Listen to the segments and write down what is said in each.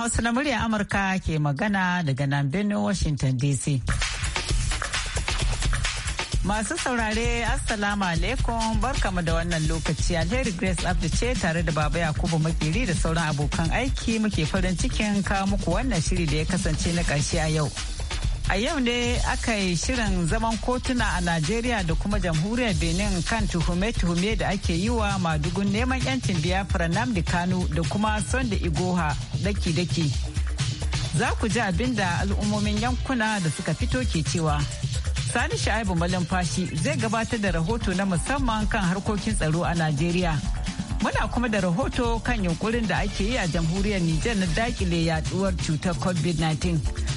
Hausa na murya Amurka ke magana daga nan birnin Washington DC. Masu saurare Assalamu alaikum barkamu da wannan lokaci alheri Grace Abdu ce tare da Baba Yakubu Makiri da sauran abokan aiki muke farin cikin kawo muku wannan shiri da ya kasance na ƙarshe a yau. A yau ne aka yi shirin zaman kotuna a Najeriya da kuma jamhuriyar Benin kan tuhume-tuhume da ake yi wa madugun neman 'yancin Biafra Namdi Kanu da kuma Sonda Igoha daki-daki. Za ku ji abin da al'ummomin yankuna da suka fito ke cewa. Sani Sha'ibu Fashi zai gabatar da rahoto na musamman kan harkokin tsaro a Najeriya. Muna kuma da rahoto kan yunkurin da ake yi a jamhuriyar Nijar na dakile yaduwar cutar COVID-19.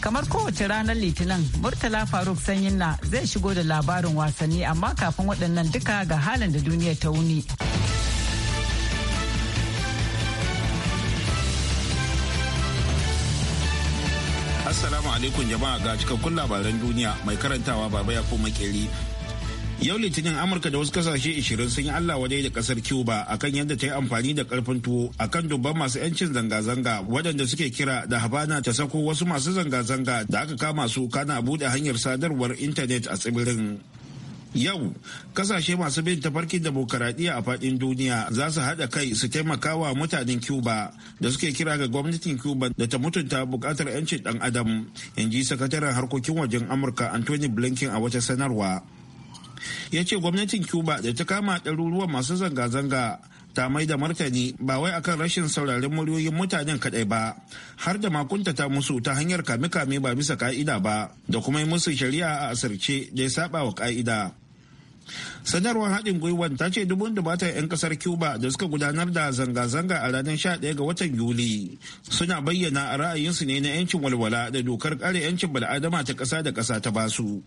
Kamar kowace ranar Litinin, Murtala Faruk Sanyin na zai shigo da labarin wasanni amma kafin waɗannan duka ga halin da duniya ta wuni. Assalamu alaikum jama'a ga cikakkun labaran duniya mai karantawa baba ya ko makeri yau litinin amurka da wasu kasashe 20 sun yi allah wadai da kasar cuba akan yadda ta yi amfani da karfin tuwo akan dubban masu 'yancin zanga-zanga waɗanda suke kira da habana ta sako wasu masu zanga-zanga da aka kama su kana buɗe hanyar sadarwar intanet a tsibirin yau kasashe masu bin tafarkin demokaradiyya a fadin duniya za su haɗa kai su taimaka wa mutanen cuba da suke kira ga gwamnatin cuba da ta mutunta bukatar 'yancin ɗan adam in ji sakataren harkokin wajen amurka anthony blinken a wata sanarwa ya ce gwamnatin cuba da ta kama ɗaruruwan masu zanga-zanga ta mai da martani ba wai akan rashin sauraren muryoyin mutanen kadai ba har da ta musu ta hanyar kame-kame ba bisa ka'ida ba da kuma yi musu shari'a a asirce da ya saba wa ka'ida sanarwar haɗin gwiwan ta ce dubun dubata 'yan ƙasar cuba da suka gudanar da zanga-zanga a ranar 11 ga watan yuli suna bayyana a ra'ayinsu ne na 'yancin walwala da dokar kare 'yancin bal'adama ta ƙasa da ƙasa ta basu.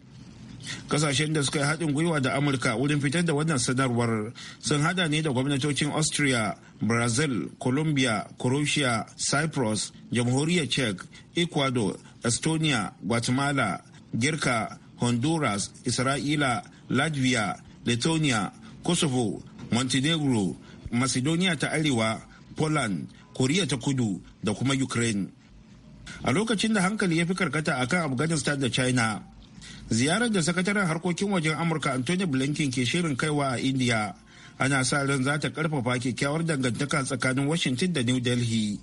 kasashen da suka yi haɗin gwiwa da amurka wurin fitar da wannan sanarwar sun hada ne da gwamnatocin austria brazil colombia croatia cyprus jamhuriyar czech ecuador estonia guatemala girka honduras isra'ila latvia Lithuania, kosovo montenegro macedonia ta arewa poland koriya ta kudu da kuma ukraine a lokacin da hankali ya fi karkata akan afghanistan da china ziyarar da sakataren harkokin wajen amurka Antonio blinken ke shirin kaiwa a india ana sa ran za ta karfafa kyakkyawar dangantaka tsakanin washington da new delhi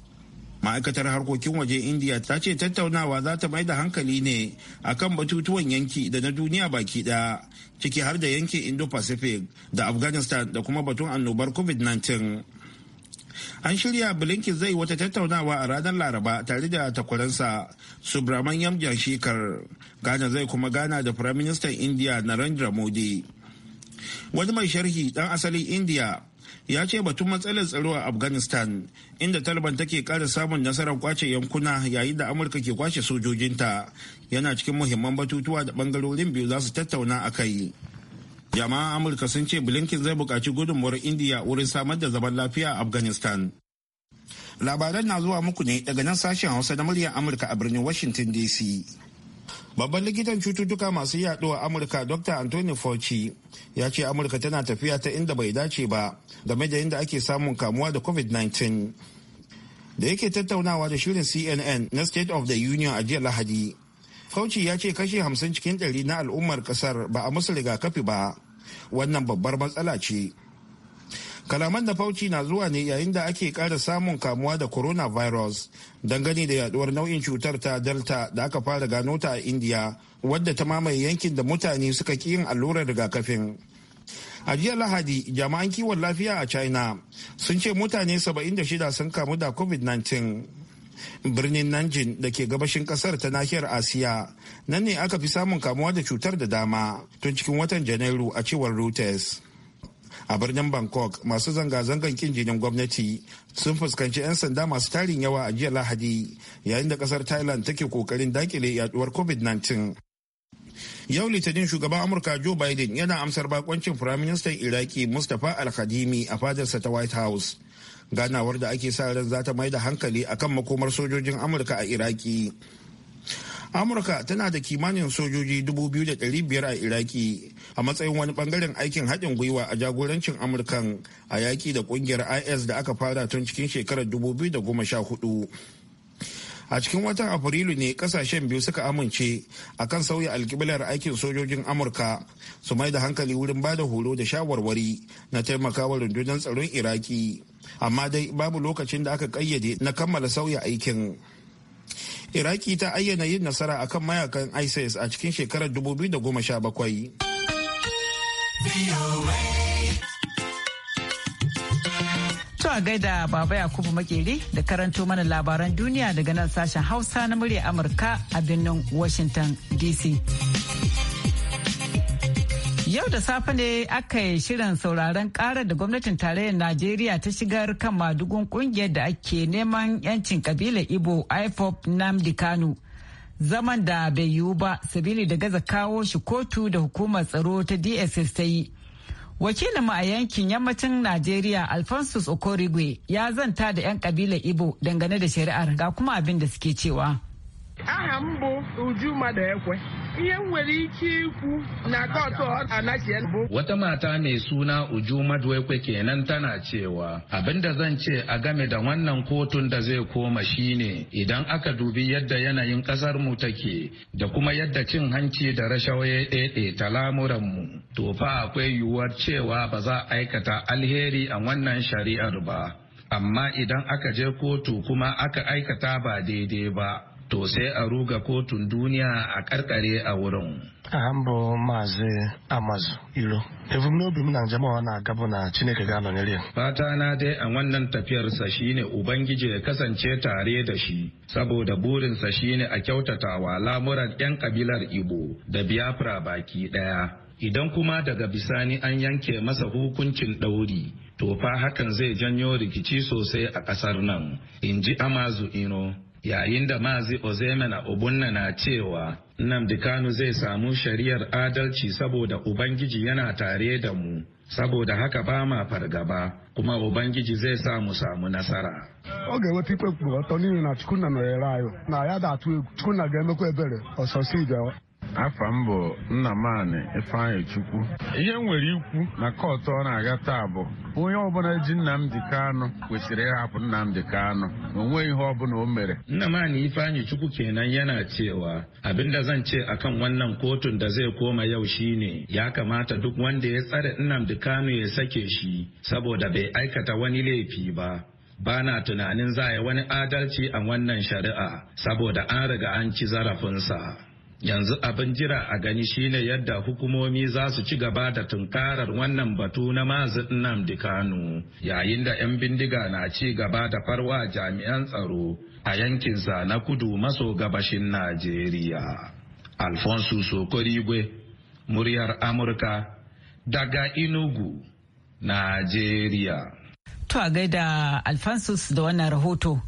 ma'aikatar harkokin waje india ta ce tattaunawa za ta mai da hankali ne akan batutuwan yanki da na duniya baki daya ciki har da yankin indo-pacific da afghanistan da kuma batun annobar covid-19 an shirya blinken zai wata tattaunawa a ranar laraba tare da takwaransa subramanyam janshikar ghana zai kuma gana da firaministan india narendra modi wani mai sharhi dan asalin india ya ce batun matsalar tsaro a afghanistan inda taliban take kara samun nasarar kwace yankuna yayin da amurka ke kwace sojojinta yana cikin muhimman batutuwa da bangarorin biyu za su tattauna a kai jama'an amurka sun ce blinken zai buƙaci gudunmuwar indiya wurin samar da zaman lafiya a afghanistan labaran na zuwa muku ne daga nan sashen hausa na muryar amurka a birnin washington dc babban likitan cututtuka masu yaduwa amurka dr anthony fauci ya ce amurka tana tafiya ta inda bai dace ba game da inda ake samun kamuwa da covid-19 da yake tattaunawa da shirin cnn na state of the union a jiya lahadi fauci ya ce kashi hamsin cikin ɗari na al'ummar ƙasar ba a musu rigakafi ba wannan babbar matsala ce kalaman da fauci na zuwa ne yayin da ake ƙara samun kamuwa da coronavirus dangane da yaduwar nau'in cutar ta delta da aka fara gano ta a india wadda ta mamaye yankin da mutane suka ƙi yin allurar rigakafin a jiya lahadi jami'an kiwon lafiya a china sun ce mutane 76 sun kamu da covid-19 birnin nanjin da ke gabashin kasar ta nahiyar asiya nan ne aka fi samun kamuwa da cutar da dama tun cikin watan janairu a cewar reuters a birnin bangkok masu zanga-zangan kin jinin gwamnati sun fuskanci 'yan sanda masu tarin yawa a jiya lahadi yayin da kasar thailand take kokarin dakile yaduwar covid-19 yau litinin shugaban amurka joe biden yana amsar bakoncin firaministan iraki mustapha al a fadarsa ta white house ganawar da ake sa ran zata ta mai da hankali akan makomar sojojin amurka a iraki amurka tana da kimanin sojoji 2,500 a iraki a matsayin wani bangaren aikin haɗin gwiwa a jagorancin amurkan a yaƙi da ƙungiyar is da aka fara tun cikin shekarar 2014 a cikin watan afrilu ne kasashen biyu suka amince a kan sauya alkiblar aikin sojojin amurka su mai da hankali wurin bada horo da shawarwari na taimakawa rundunar tsaron iraki amma dai babu lokacin da aka kayyade na kammala sauya aikin iraki ta ayyana yin nasara akan mayakan isis a cikin shekarar 2017 zuwa gaida Baba Yakubu Makeri da karanto mana labaran duniya daga nan sashen Hausa na murya Amurka a birnin Washington DC. Yau da safe ne aka yi shirin sauraron ƙarar da gwamnatin tarayyar Najeriya ta shigar kan madugun ƙungiyar da ake neman 'yancin kabilar Ibo IFOP Namdi Kano. Zaman da bai yiwu ba, sabili da gaza kawo shi kotu da hukumar tsaro ta DSS ta yi. Wakilin mu a yankin yammacin Najeriya Alphonsus Okorigwe ya zanta da 'yan kabilar Ibo dangane da shari'ar ga kuma abin da suke cewa. aha m bụ uju mmadụ ekwe ihe m nwere ike ikwu na kọtụ anachie bụ wata mata mai suna uju mmadụ ekwe kenan tana cewa abinda zan ce a game da wannan kotun da zai koma shine idan aka dubi yadda yanayin kasar mu take da kuma yadda cin hanci da rashawa ya ɗaiɗe ta lamuran mu to fa akwai yiwuwar cewa ba za a aikata alheri a wannan shari'ar ba amma idan aka je kotu kuma aka aikata ba daidai ba to sai a ruga kotun duniya a karkare a wurin. A hambo maazi Amazu Iro. Ebumnobi m na njem ọha na na Chineke ga-anọnyere ya. Fata na dai a wannan tafiyarsa shine Ubangiji ya kasance tare da shi, saboda burinsa shine a kyautatawa lamuran 'yan kabilar Igbo da Biafra baki ɗaya. Idan kuma daga bisani an yanke masa hukuncin ɗauri, to fa hakan zai janyo rikici sosai a ƙasar nan, in ji Amazu ino yayin da mazi ozemena obunna na cewa nnamdi kanu zai samu shari'ar adalci saboda ubangiji yana tare da mu saboda haka ba ma fargaba kuma ubangiji zai sa samu nasara Oge ga-enweta ikpe na na chukwuna na ya da atụ ga-emekwa ebere ga afa m bụ nnamani ifeanyị chukwu ihe nwere ikwu na kọtụ ọ na-aga taa bụ onye ọbụla ji nnamdị kanụ kwesịrị ịhapụ nnamdị kanụ na nweghị ihe ọbụla o mere Nna nnamani ifeanyị chukwu kenan yana cewa abin da zan ce akan wannan kotun da zai koma yau ne ya kamata duk wanda ya tsare nnamdị kanụ ya sake shi saboda bai aikata wani laifi ba ba na tunanin za a yi wani adalci a wannan shari'a saboda an riga an ci zarafinsa yanzu abin jira a gani shine yadda hukumomi za su ci gaba da tunkarar wannan batu na mazi Nnamdi Kanu yayin da 'yan bindiga na ci gaba da farwa jami'an tsaro a yankin sa na kudu maso gabashin Najeriya. Alfonso Sokorigwe, muryar Amurka, daga Inugu, Najeriya. To a gaida alfonso da wannan rahoto.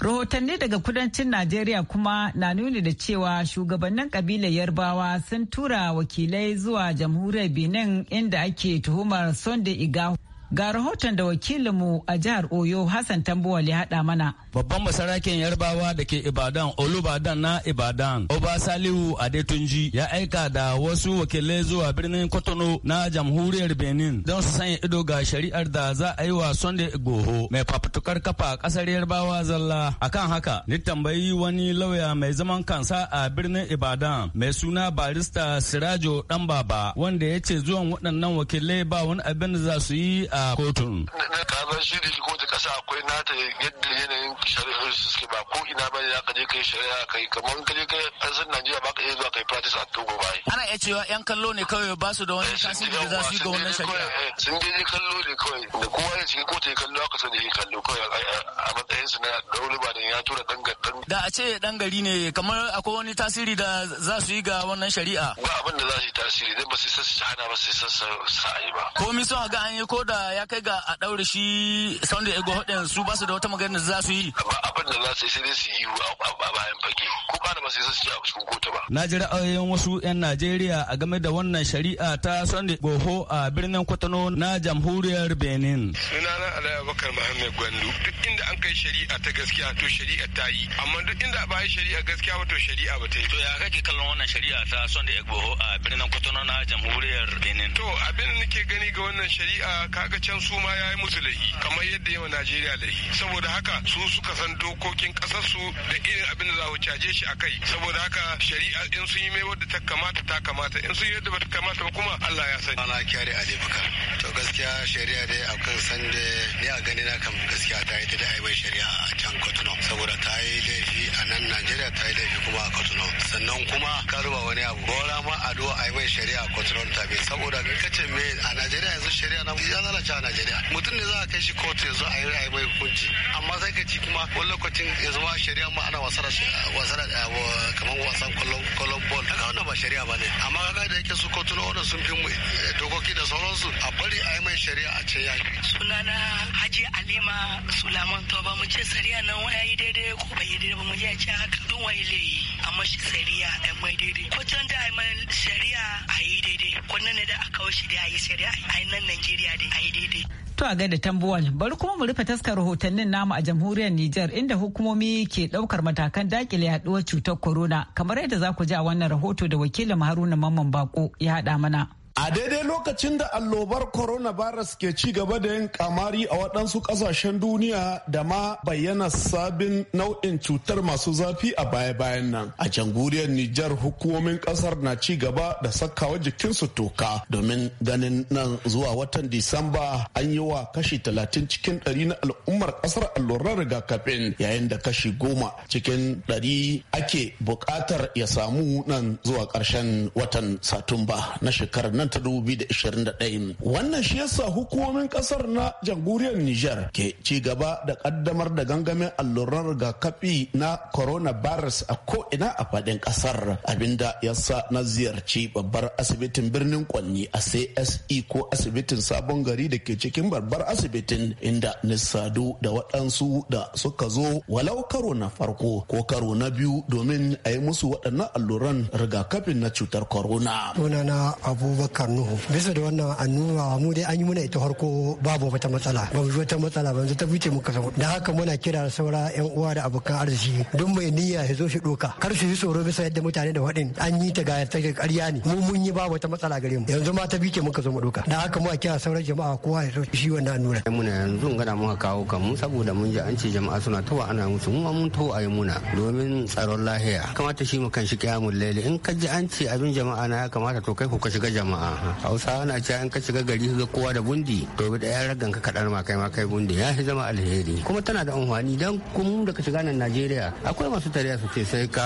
Rahotanni daga kudancin Najeriya kuma na nuni da cewa shugabannin kabilar Yarbawa sun tura wakilai zuwa jamhuriyar Benin inda ake tuhumar Sunday igahu. Ga rahoton da wakilinmu a jihar Oyo Hassan Tambuwal ya haɗa mana. Babban masarakin Yarbawa da ke Ibadan Olubadan na Ibadan Oba Salihu Adetunji ya aika da wasu wakilai zuwa birnin Kotono na jamhuriyar Benin don su sanya ido ga shari'ar da za a yi wa Sunday Igboho mai fafutukar kafa kasar Yarbawa zalla. Akan haka ni tambayi wani lauya mai zaman kansa a birnin Ibadan mai suna barista Sirajo dan baba wanda ya ce zuwan waɗannan wakilai ba wani abin da za su yi a na kotun. Kaga shi da kotu kasa akwai nata yadda yanayin shari'ar su suke ba ko ina za ka kaje kai shari'a kai kamar kaje kai kasar Najeriya ba ka iya zuwa kai practice a Togo ba. Ana iya cewa yan kallo ne kawai ba su da wani eh, tasiri da za su yi ga wannan shari'a. Sun je eh, kallo ne kawai da kowa ya shiga kotun ya kallo aka sani ya kallo kawai a matsayin su na daulu ba da ya tura dan gadan. Da a ce dan gari ne kamar akwai wani tasiri da za su yi ga wannan shari'a. Ba abin da za su yi tasiri dan ba su sassa hana ba su sassa sa'ayi ba. Komi sun ga an yi ko da ya kai ga a daure shi sound ego hodin su ba su da wata magana za su yi ba abin da za su yi sai su yi a bayan fage ko ba da ba su yi a cikin kota ba na ji ra'ayoyin wasu 'yan Najeriya a game da wannan shari'a ta sound goho a birnin Kwatano na jamhuriyar Benin na Alhaji Bakar muhammed Gwandu duk inda an kai shari'a ta gaskiya to shari'a ta yi amma duk inda ba yi shari'a gaskiya ba to shari'a ba ta yi to ya kake kallon wannan shari'a ta sound ego a birnin Kwatano na jamhuriyar Benin to abin da nake gani ga wannan shari'a kaga ga can su ma ya yi musu laifi kamar yadda yawa Najeriya laifi saboda haka su suka san dokokin kasarsu da irin abin da za su caje shi a kai saboda haka shari'a in sun yi mai wadda ta kamata ta kamata in sun yi yadda ba ta kamata ba kuma Allah ya sani. Ana kyare Ali gaskiya shari'a dai a kan san da ni a gani na kan gaskiya ta yi ta da aibai shari'a a can kotuno saboda ta yi laifi a nan najeriya ta yi laifi kuma a kotuno sannan kuma ka ruba wani abu gora ma a duwa aibai shari'a a kotuno ta bi saboda ka kace me a najeriya yanzu shari'a na ya lalace a najeriya mutum ne za a kai shi kotu yanzu a yi aibai hukunci amma sai ka ci kuma wani lokacin ya zama shari'a ma ana wasa da eh, kamar wasan kwallon bol kaga wannan ba shari'a ba ne amma kaga da yake su kotuno wannan sun fi mu eh, dokoki da sauransu a bari ai mai shari'a a ce ya yi. sunana haji alima Sulaiman to ba mu ce shari'a nan waya yi daidai ko bai yi daidai ba mu ya ce haka don wani layi amma shi shari'a a mai daidai ko can da a yi mai shari'a a yi daidai ko nan da aka kawo shi da a yi shari'a a yi nan najeriya da a yi daidai. To a gaida tambuwal bari kuma mu rufe taskar rahotannin namu a jamhuriyar Nijar inda hukumomi ke daukar matakan dakile yaduwar cutar corona kamar yadda za ku ji a wannan rahoto da wakilin Haruna Mamman Bako ya haɗa mana. A daidai lokacin da allobar coronavirus ke ci gaba da yin kamari a waɗansu ƙasashen duniya da ma bayyana sabin nau'in cutar masu zafi a baya-bayan nan. A jamhuriyar Nijar hukumomin ƙasar na ci gaba da sakawa jikinsu toka domin ganin nan zuwa watan Disamba an yi wa kashi talatin cikin ɗari na al'ummar ƙasar allurar rigakafin yayin da kashi goma cikin ɗari ake buƙatar ya samu nan zuwa ƙarshen watan Satumba na shekarar nan nan 2021 wannan shi yasa hukumomin kasar na jamhuriyar niger ke ci gaba da kaddamar da gangamin alluran rigakafi na corona coronavirus a ko'ina a faɗin kasar abinda yasa na ziyarci babbar asibitin birnin kwanni a cse ko asibitin sabon gari da ke cikin babbar asibitin inda nisadu da waɗansu da suka zo walau karo na farko ko karo na biyu domin a yi musu waɗannan alluran rigakafin na cutar corona. karnuhu bisa da wannan annuba mu dai an yi muna ita harko babu wata matsala ba mu wata matsala ba ta wuce muka samu da haka muna kira saura yan uwa da abokan arziki don mai niyya ya zo shi doka kar su yi tsoro bisa yadda mutane da wadin an yi ta ga ta ƙarya ne mu mun yi babu wata matsala gare mu yanzu ma ta bice muka zo mu doka da haka muna kira saura jama'a kowa ya zo shi wannan annura muna yanzu gana muka kawo kan mu saboda mun ji an ce jama'a suna tawa ana musu mu mun tawa ayi muna domin tsaron lahiya kamata shi mu kan shi kiyamul laili in ka ji an ce abin jama'a na ya kamata to kai ku ka shiga jama'a hausa na ce an ka shiga gari ga kowa da bundi to da ya ragan ka kadar ma kai ma kai bundi ya shi zama alheri kuma tana da amfani dan kun da ka shiga nan najeriya akwai masu tare su ce sai ka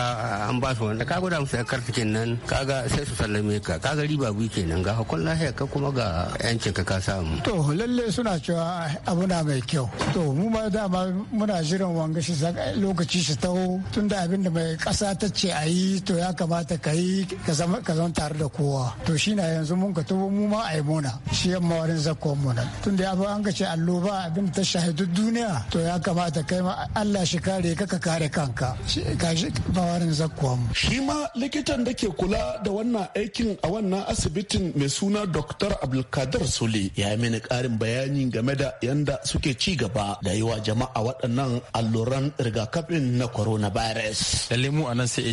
an ba su wanda ka gwada musu yakar kenan. nan kaga sai su sallame ka kaga riba bi kenan ga hakun lahiya ka kuma ga yancin ka ka samu to lalle suna cewa abu na mai kyau to mu ma dama muna jiran wanga shi lokaci shi taho tunda abin da mai kasa ta ce ayi to ya kamata ka yi ka zama tare da kowa to shi na yanzu yanzu mun ka tubo mu ma a yi mona shi yan mawarin zakon mona tun da ya fi an alloba abin ta shahidu duniya to ya kamata kai ma Allah shi kare ka ka kare kanka shi ka shi mawarin zakon shi ma likitan da ke kula da wannan aikin a wannan asibitin mai suna Dr. Abdulkadir Sule ya yi mini karin bayani game da yanda suke ci gaba da yi wa jama'a waɗannan alluran rigakafin na coronavirus. Lalle mu a nan sai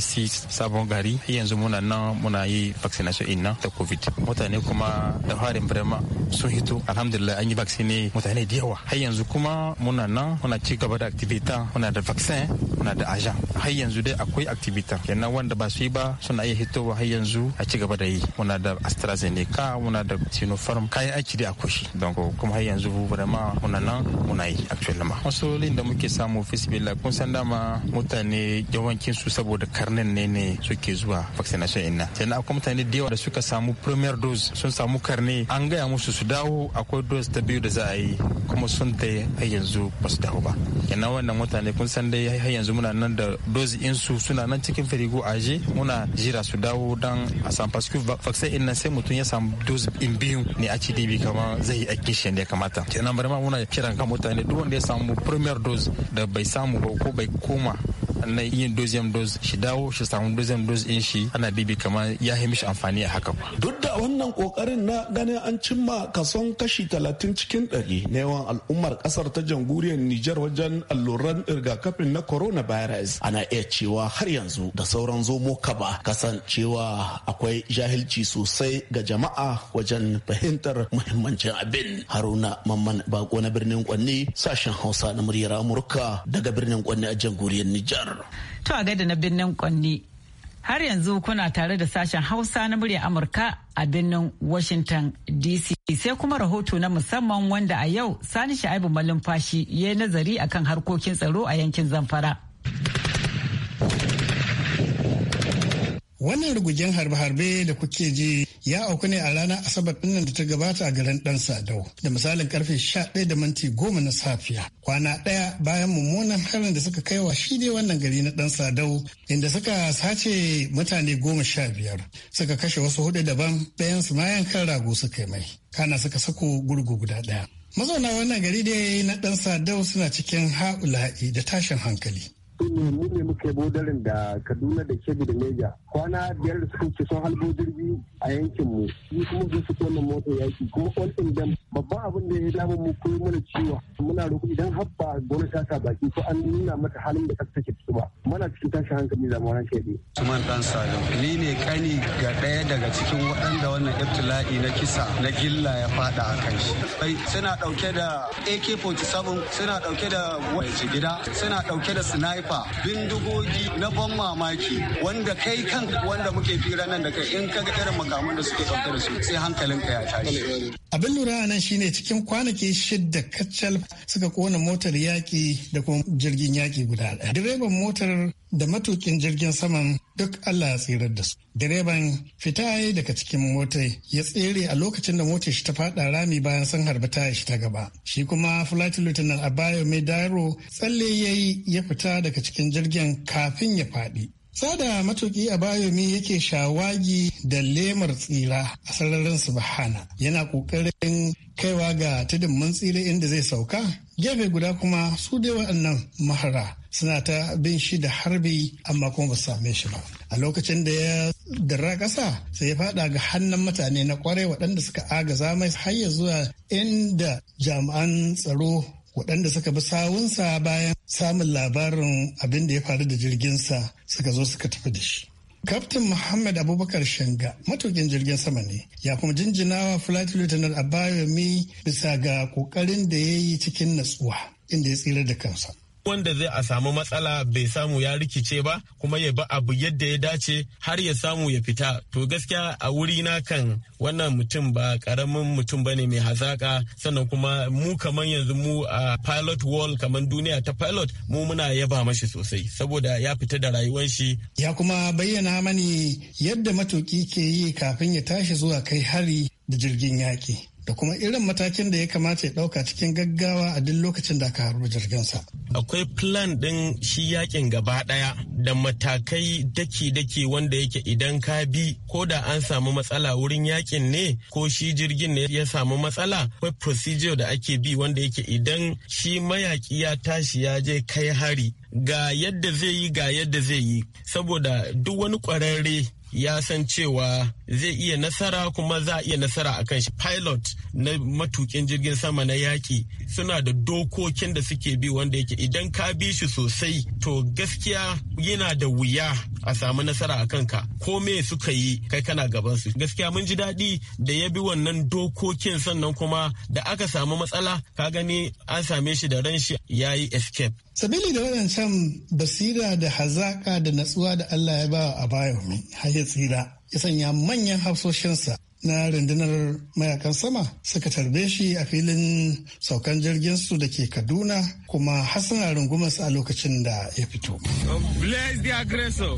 sabon gari yanzu muna nan muna yi vaccination in ta covid mutane kuma da harin birama sun hito alhamdulillah an yi vaccine mutane da yawa har yanzu kuma muna nan muna ci gaba da activita muna da vaccine muna da aja har yanzu dai akwai activita kenan wanda ba su yi ba suna iya hitowa har yanzu a ci gaba da yi muna da astrazeneca muna da sinopharm kayan aiki da akwai shi don kuma har yanzu birama muna nan muna yi actually ma masolin da muke samu fisbila kun san dama mutane yawancin su saboda karnin ne ne suke zuwa vaccination ina na akwai mutane da yawa da suka samu premier premier dose sun samu karne an gaya musu su dawo akwai dose ta biyu da za a yi kuma sun ta har yanzu ba su dawo ba yana wannan mutane kun san dai har yanzu muna nan da dose su suna nan cikin firigo aje muna jira su dawo dan a san paske vaccine din nan sai mutum ya samu dose in biyu ne a ci dibi kama zai yi kishi shi ne kamata kenan bari ma muna kiran kan mutane duk wanda ya samu premier dose da bai samu ba ko bai koma na yin doziyam doz shi dawo shi samu doz in shi ana bibi kamar ya yi mishi amfani a haka. Duk da wannan kokarin na ganin an cimma kason kashi talatin cikin ɗari na yawan al'ummar ƙasar ta jamhuriyar Nijar wajen alluran rigakafin na corona coronavirus ana iya cewa har yanzu da sauran zomo kaba kasancewa akwai jahilci sosai ga jama'a wajen fahimtar muhimmancin abin haruna mamman bako na birnin kwanne sashen hausa na muryar amurka daga birnin kwanne a jamhuriyar Nijar. Nijar. To a gaida na birnin Kwanni. Har yanzu kuna tare da sashen Hausa na muryar Amurka a birnin Washington DC. Sai kuma rahoto na musamman wanda a yau Sani Sha'ibu Malumfashi ya yi nazari akan harkokin tsaro a yankin Zamfara. Wannan rugujen harbe-harbe da kuke ji ya auku ne a ranar Asabar ɗinnan da ta gabata a garin Dan Sadau da misalin karfe 11 da minti goma na safiya. Kwana ɗaya bayan mummunan harin da suka kai wa shi ne wannan gari na Dan Sadau inda suka sace mutane goma sha biyar suka kashe wasu hudu daban bayan su mayan kan rago suka mai. Kana suka sako gurgu guda ɗaya. Mazauna wannan gari dai na Dan Sadau suna cikin ha'ula'i da tashin hankali. mu ne muke yi bodarin da kaduna da kebbi da neja kwana biyar da suka wuce sun halbo jirgi a yankin mu shi kuma sun su wannan motar yaki kuma all in them babban abin da ya damu mu koyi mana ciwa muna roƙo idan habba gona ta sa baki ko an nuna mata halin da kasa ke tsuba muna cikin tashi hankali da mawar shaidi. Suman dan Salim ni ne kani ga ɗaya daga cikin waɗanda wannan iftila'i na kisa na gilla ya faɗa a kan shi. Suna ɗauke da AK-47 suna ɗauke da gida suna ɗauke da sniper jefa bindigogi na ban mamaki wanda kai kan wanda muke fira nan da kai in ka ga irin makaman da suke ɗauke da su sai hankalin ka ya tashi. Abin lura nan shine cikin kwanaki shidda kacal suka kona motar yaki da kuma jirgin yaƙi guda ɗaya. Direban motar da matukin jirgin saman duk Allah ya tsirar da su. Direban fita ya daga cikin mota ya tsere a lokacin da motar shi ta fada rami bayan sun harba ta shi ta gaba. Shi kuma Flight Lieutenant Abayo Medaro tsalle ya yi ya fita daga cikin jirgin kafin ya faɗi. Sada matuki a bayomi yake shawagi da lemar tsira a sararin subhana yana ƙoƙarin kaiwa ga tudun mun tsira inda zai sauka gefe guda kuma su dai waɗannan mahara suna ta bin shi da harbi amma kuma ba su same shi ba a lokacin da ya dara ƙasa sai ya faɗa ga hannun mutane na kwarai waɗanda suka agaza mai har ya zuwa inda jami'an tsaro waɗanda suka bi sawunsa bayan samun labarin abin da ya faru da jirginsa suka zo suka tafi da shi Kaftin Muhammad Abubakar Shanga matukin jirgin sama ne ya kuma jinjinawa Flight Lieutenant Abayomi bisa ga kokarin da ya yi cikin natsuwa inda ya tsira da kansa. wanda zai a samu matsala bai samu ya rikice ba kuma ya ba abu yadda ya dace har ya samu ya fita to gaskiya a wuri na kan wannan mutum ba karamin mutum bane mai hazaka sannan kuma mu kamar yanzu mu a pilot wall kamar duniya ta pilot mu muna yaba mashi sosai saboda ya fita da rayuwar shi ya kuma bayyana mani yadda matuki ke yi kafin ya tashi zuwa kai hari da jirgin yaki. da kuma irin matakin da ya kamata ya ɗauka cikin gaggawa a duk lokacin da aka jirgin jirginsa. Akwai plan ɗin shi yakin gaba ɗaya da matakai daki-daki wanda yake idan ka bi ko da an samu matsala wurin yakin ne ko shi jirgin ne ya samu matsala akwai procedure da ake bi wanda yake idan shi mayaki ya tashi ya je kai hari ga yadda zai yi ga yadda zai yi saboda duk wani kwararre ya san cewa zai iya nasara kuma za a iya nasara a kan shi pilot na matukin jirgin sama na yaki suna da dokokin da suke bi wanda yake idan ka bi shi sosai to gaskiya yana da wuya a samu nasara a kanka ko me suka yi kai kana gaban su gaskiya mun ji daɗi da ya bi wannan dokokin sannan kuma da aka samu matsala ka gani an same shi da ran shi ya yi escape Sabili da wadancan basira da hazaƙa da natsuwa da Allah ya ba a bayomi har ya tsira ya sanya manyan hafsoshinsa na rundunar mayakan sama suka tarbe shi a filin saukan jirgin su da ke kaduna kuma hassana rungumarsa a lokacin da ya fito. Bless the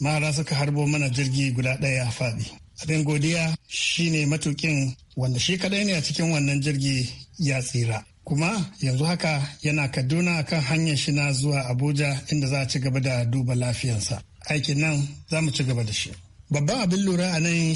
mara suka harbo mana jirgi guda ɗaya a faɗi. Abin godiya shine matukin wanda shi kaɗai ne a cikin wannan jirgi ya tsira. Kuma yanzu haka yana Kaduna kan hanyar shi na zuwa Abuja inda za a ci gaba da duba lafiyarsa. Aikin nan za mu ci gaba da shi. Babban abin lura a nan ne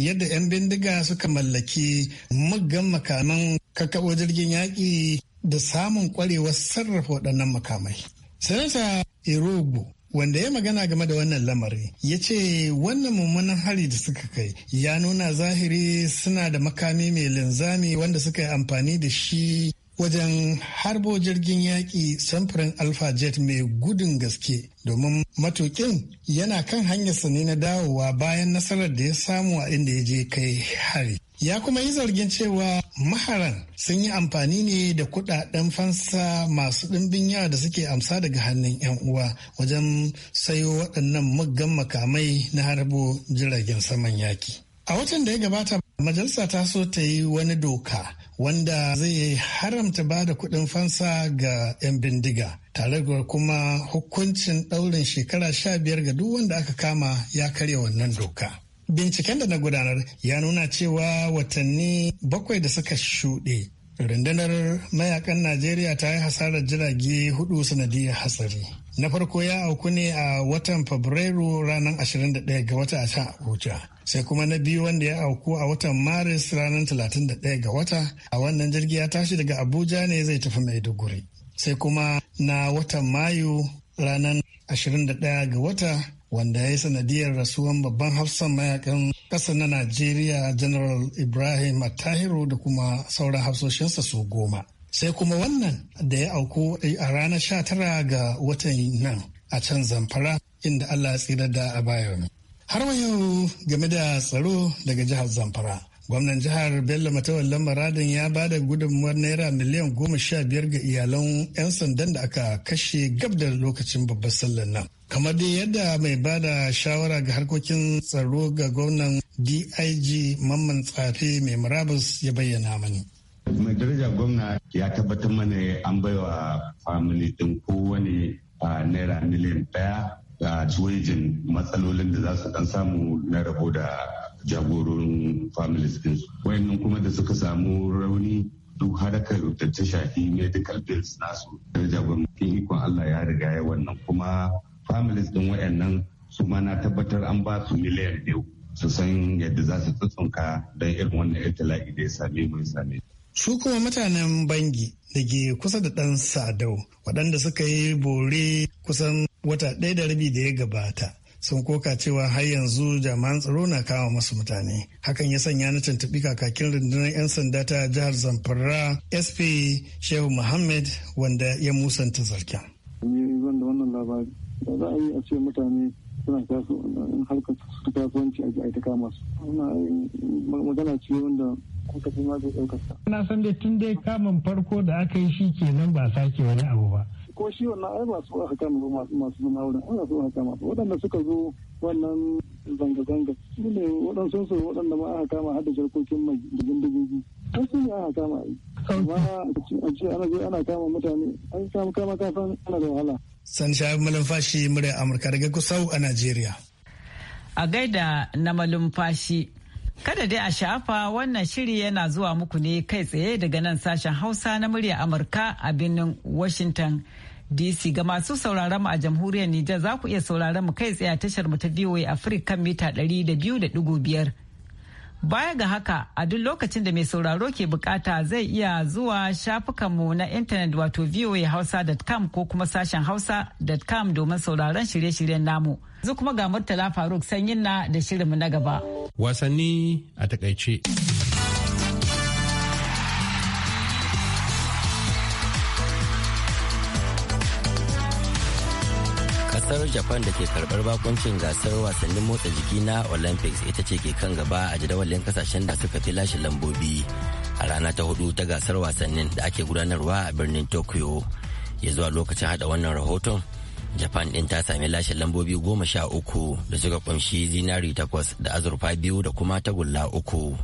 yadda 'yan bindiga suka mallaki muggan makaman kakkaɓo jirgin yaƙi da samun ƙwarewar sarrafa waɗannan makamai. Sanata Erogu wanda ya magana game da wannan lamari ya ce wannan mummunan hari da suka kai ya nuna zahiri suna da makami mai linzami wanda suka yi amfani da shi wajen harbo jirgin yaƙi samfurin alpha jet mai gudun gaske domin matukin yana kan hanyarsa ne na dawowa bayan nasarar da ya samu a inda ya je kai hari ya kuma yi zargin cewa maharan sun yi amfani ne da kudaden fansa masu ɗimbin yawa da suke amsa daga hannun 'yan uwa wajen sayo waɗannan muggan makamai na harbo jiragen saman yaki a watan da ya gabata majalisa ta so ta yi wani doka wanda zai haramta ba da kuɗin fansa ga 'yan bindiga tare da kuma hukuncin ɗaurin shekara sha biyar ga duk wanda aka kama ya karya wannan doka Binciken da na gudanar ya nuna cewa watanni bakwai da suka shuɗe rundunar mayakan Najeriya ta yi hasarar jirage hudu sanadiyar hatsari. Na farko ya auku ne a watan Fabrairu ranar 21 ga wata a can Abuja. Sai kuma na biyu wanda ya auku a watan Maris ranar 31 ga wata a wannan jirgi ya tashi daga Abuja ne zai tafi Maiduguri. Sai kuma na watan Mayu ranar 21 ga wata wanda ya yi sanadiyar rasuwan babban hafsan mayakan ƙasa na Najeriya General Ibrahim Attahiru da kuma sauran hafsoshinsa su goma. Sai kuma wannan da ya auku a ranar 19 ga watan nan a can zamfara inda Allah ya tsira da a bayan. Har wa game da tsaro daga jihar Zamfara. gwamnan jihar bello matawallan maradin ya ba da gudunmuwar naira miliyan goma sha biyar ga iyalan 'yan sandan da aka kashe gab da lokacin babbar sallar nan kamar dai yadda mai ba da shawara ga harkokin tsaro ga gwamnan dig mamman tsafe mai murabus ya bayyana mani mai daraja gwamna ya tabbatar mana an baiwa famili din kowane ah, naira miliyan daya cuwejin matsalolin da za su dan samu na rabo da jagororin families din su. wayannan kuma da suka samu rauni duk harakar da ta shafi medical bills nasu da jagoranci ikon Allah ya riga ya wannan kuma families din wayannan su ma na tabbatar an ba su miliyan biyu su san yadda za su tsuntsunka don irin wannan itala'i da ya same mu ya same su kuma mutanen bangi da ke kusa da ɗan sadau waɗanda suka yi bore kusan wata ɗaya da rabi da ya gabata sun koka cewa har yanzu jami'an tsaro na kama masu mutane hakan ya sanya na tuntuɓi kakakin rundunar 'yan sanda ta jihar zamfara sp shehu muhammad wanda ya musanta zargin. da wannan labari da za a yi a ce mutane suna harkar su kasuwanci a ta kama magana ce wanda kuka fi ma zai ɗaukar na san dai tun dai kamun farko da aka yi shi kenan ba sake wani abu ba ko shi wannan ai ba su aka kama ba masu zama wurin ana su aka kama ba waɗanda suka zo wannan zanga-zanga su ne waɗansu su waɗanda ma aka kama har da jarkokin mai da bindigogi kan su ne aka kama ai amma a ce ana zo ana kama mutane an kama kama kafin ana da wahala. san shayar fashi murya amurka daga kusau a najeriya. a gaida na fashi Kada dai a shafa wannan shiri yana zuwa muku ne kai tsaye daga nan sashen Hausa na murya Amurka a birnin Washington. DC ga masu sauraron mu a jamhuriyar Nijar za ku iya sauraron mu kai tsaye a tashar mu ta VOA Africa kan mita 200.5. Baya ga haka a duk lokacin da mai sauraro ke bukata zai iya zuwa shafukan mu na intanet wato voahausa.com ko kuma sashen hausa.com domin sauraron shirye-shiryen namu. Yanzu kuma ga Murtala Faruk sanyin na da shirin mu na gaba. Wasanni a takaice. kasar japan da ke karbar bakuncin gasar wasannin motsa jiki na olympics ita ce ke kan gaba a jadawalin kasashen da suka fi lashe lambobi a rana ta hudu ta gasar wasannin da ake gudanarwa a birnin tokyo ya zuwa lokacin hada wannan rahoton japan din ta sami lashe lambobi goma sha uku da suka kunshi zinari takwas da azurfa biyu da kuma tagulla uku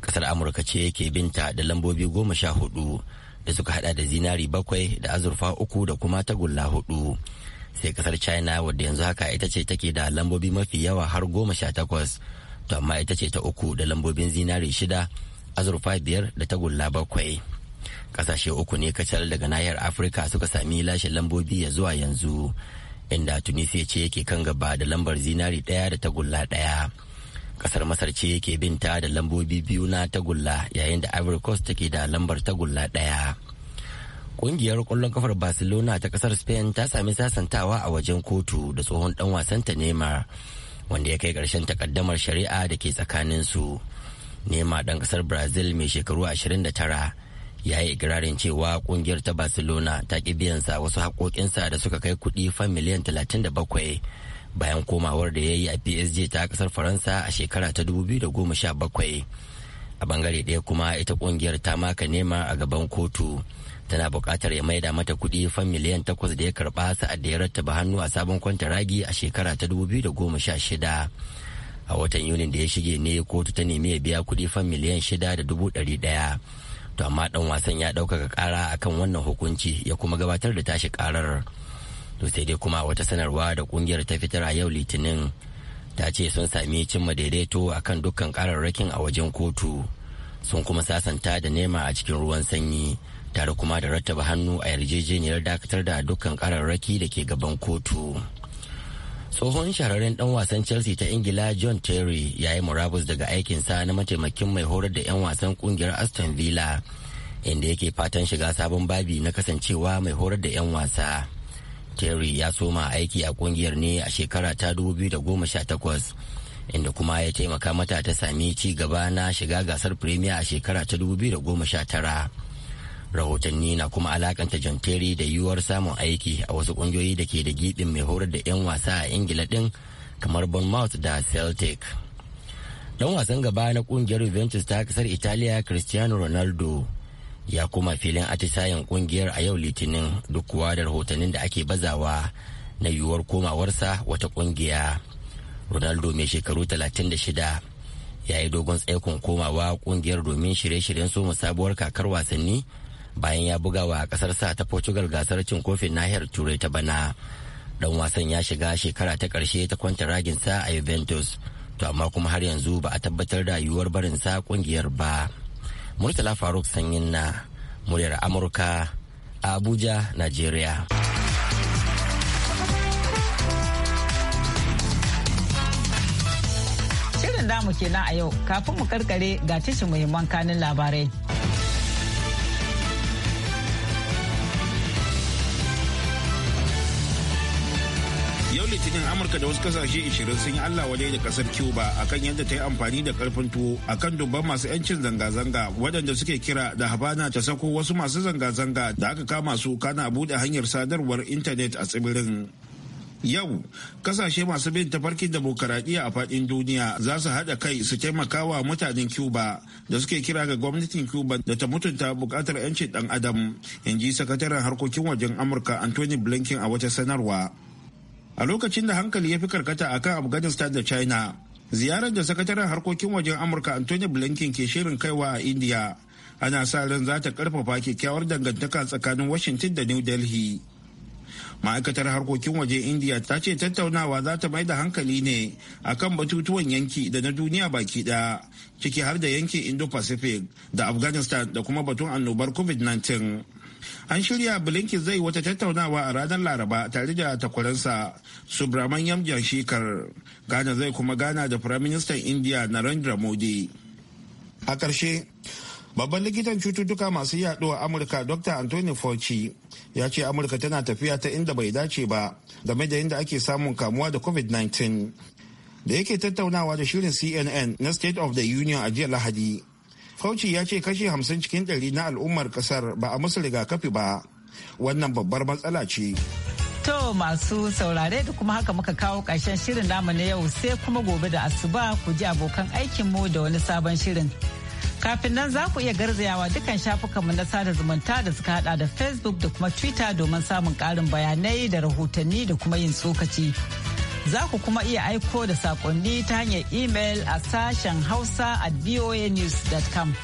kasar amurka ce ke binta da lambobi goma sha hudu da suka hada da zinari bakwai da azurfa uku da kuma tagulla hudu sai kasar china wadda yanzu haka ita ce take da lambobi mafi yawa har goma sha takwas to amma ita ce ta uku da lambobin zinari shida azurfa biyar da tagulla bakwai kasashe uku ne kacal daga nahiyar afirka suka sami lashe lambobi ya zuwa yanzu inda tunisia ce ke kan gaba da lambar zinari daya da tagulla daya kasar masar ce ke binta da lambobi biyu na tagulla yayin da ivory coast take da lambar tagulla daya Kungiyar ƙwallon kafar Barcelona ta ƙasar Spain ta sami sasantawa a wajen kotu da tsohon ɗan wasanta Neymar wanda ya kai ƙarshen takaddamar shari'a da ke tsakaninsu. Neymar ɗan ƙasar Brazil mai shekaru 29 ya yi ikirarin cewa ƙungiyar ta Barcelona ta ƙi biyansa wasu haƙoƙinsa da suka kai kuɗi fan miliyan 37 bayan komawar da ya yi a PSG ta ƙasar Faransa a shekara ta 2017. a bangare ɗaya kuma ita ƙungiyar ta maka nema a gaban kotu tana buƙatar ya maida mata kuɗi fan miliyan takwas da ya karɓa sa'ad da ya rattaba hannu a sabon kwanta ragi a shekara ta 2016 a watan yunin da ya shige ne kotu ta nemi ya biya kuɗi fan miliyan shida da dubu ɗari ɗaya to amma ɗan wasan ya ɗaukaka ƙara akan wannan hukunci ya kuma gabatar da tashi ƙarar to sai dai kuma wata sanarwa da ƙungiyar ta fitar a yau litinin ta ce sun sami cimma daidaito akan dukkan ƙararrakin a wajen kotu sun kuma sasanta da nema a cikin ruwan sanyi tare kuma da rattaba hannu a yarjejeniyar dakatar da dukkan kararraki da ke gaban kotu tsohon shahararren dan wasan chelsea ta ingila john terry ya yi murabus daga aikinsa na mataimakin mai horar da 'yan wasan kungiyar aston villa inda yake fatan shiga sabon babi na kasancewa mai horar da 'yan wasa terry ya soma aiki a kungiyar ne a shekara ta 2018 inda kuma ya taimaka mata ta sami ci gaba na shiga gasar premier a shekara ta 2019 rahotanni na kuma alakanta john terry da yiwuwar samun aiki a wasu kungiyoyi da ke da gibin mai horar da 'yan wasa a ingila din kamar bournemouth da celtic dan wasan gaba na kungiyar juventus ta kasar italiya cristiano ronaldo ya kuma filin atisayen kungiyar a yau litinin duk kuwa da rahotannin da ake bazawa na yiwuwar komawarsa wata kungiya ronaldo mai shekaru 36 ya yi dogon tsaikon komawa kungiyar domin shirye-shiryen soma sabuwar kakar wasanni bayan ya buga wa kasarsa ta portugal gasar cin kofin nahiyar turai ta bana dan wasan ya shiga shekara ta ƙarshe ta kwanta raginsa a juventus to amma kuma har yanzu ba a tabbatar da yiwuwar barinsa kungiyar ba murtala faruk sanyin na muryar amurka a abuja nigeria shirin damu kenan a yau kafin mu karkare ga tashin muhimman kanin labarai yau litinin amurka da wasu kasashe 20 sun yi allah waje da kasar cuba akan yadda ta yi amfani da karfin tuwo akan dubban masu 'yancin zanga-zanga waɗanda suke kira da habana ta sako wasu masu zanga-zanga da aka kama su kana buɗe hanyar sadarwar intanet a tsibirin yau kasashe masu bin tafarkin demokaradiyya a fadin duniya za su haɗa kai su taimaka wa mutanen cuba da suke kira ga gwamnatin cuba da ta mutunta bukatar 'yancin dan adam in ji sakataren harkokin wajen amurka anthony blinken a wata sanarwa a lokacin da hankali ya fi karkata a kan afghanistan da china ziyarar da sakataren harkokin wajen amurka Antony blinken ke shirin kaiwa a india ana sa ran za ta karfafa kyakkyawar dangantaka tsakanin washington da new delhi ma'aikatar harkokin waje india ta ce tattaunawa za ta mai da hankali ne a kan batutuwan yanki da na duniya baki daya ciki har da yankin indo-pacific da afghanistan da kuma batun annobar covid-19 an shirya blinken zai wata tattaunawa a ranar laraba tare da takwaransa subramanyam janshikar ghana zai kuma gana da firaministan india narendra modi a ƙarshe babban likitan cututtuka masu yaɗo a amurka dr anthony fauci ya ce amurka tana tafiya ta inda bai dace ba game da yadda ake samun kamuwa da covid-19 da yake tattaunawa da shirin cnn na state of the union a jiya lahadi Fauci ya ce kashi hamsin cikin ɗari na al'ummar ƙasar ba a musu rigakafi ba. Wannan babbar matsala ce. To masu saurare da kuma haka muka kawo ƙarshen shirin namu na yau sai kuma gobe da asuba ku ji abokan aikinmu da wani sabon shirin. Kafin nan za ku iya garzayawa dukkan shafukanmu na sada zumunta da suka hada da Facebook da kuma Twitter domin samun ƙarin bayanai da rahotanni da kuma yin tsokaci. Za ku kuma iya aiko da saƙonni ta hanyar imel a sashen hausa at voanews.com.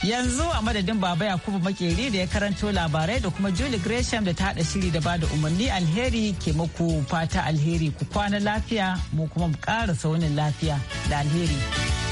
Yanzu a madadin Baba Yakubu Makeri da ya karanto labarai da kuma Julie Gresham da ta haɗa shiri da bada umarni alheri ke muku fata alheri ku kwana lafiya mu kuma mu ƙara saunin lafiya da alheri.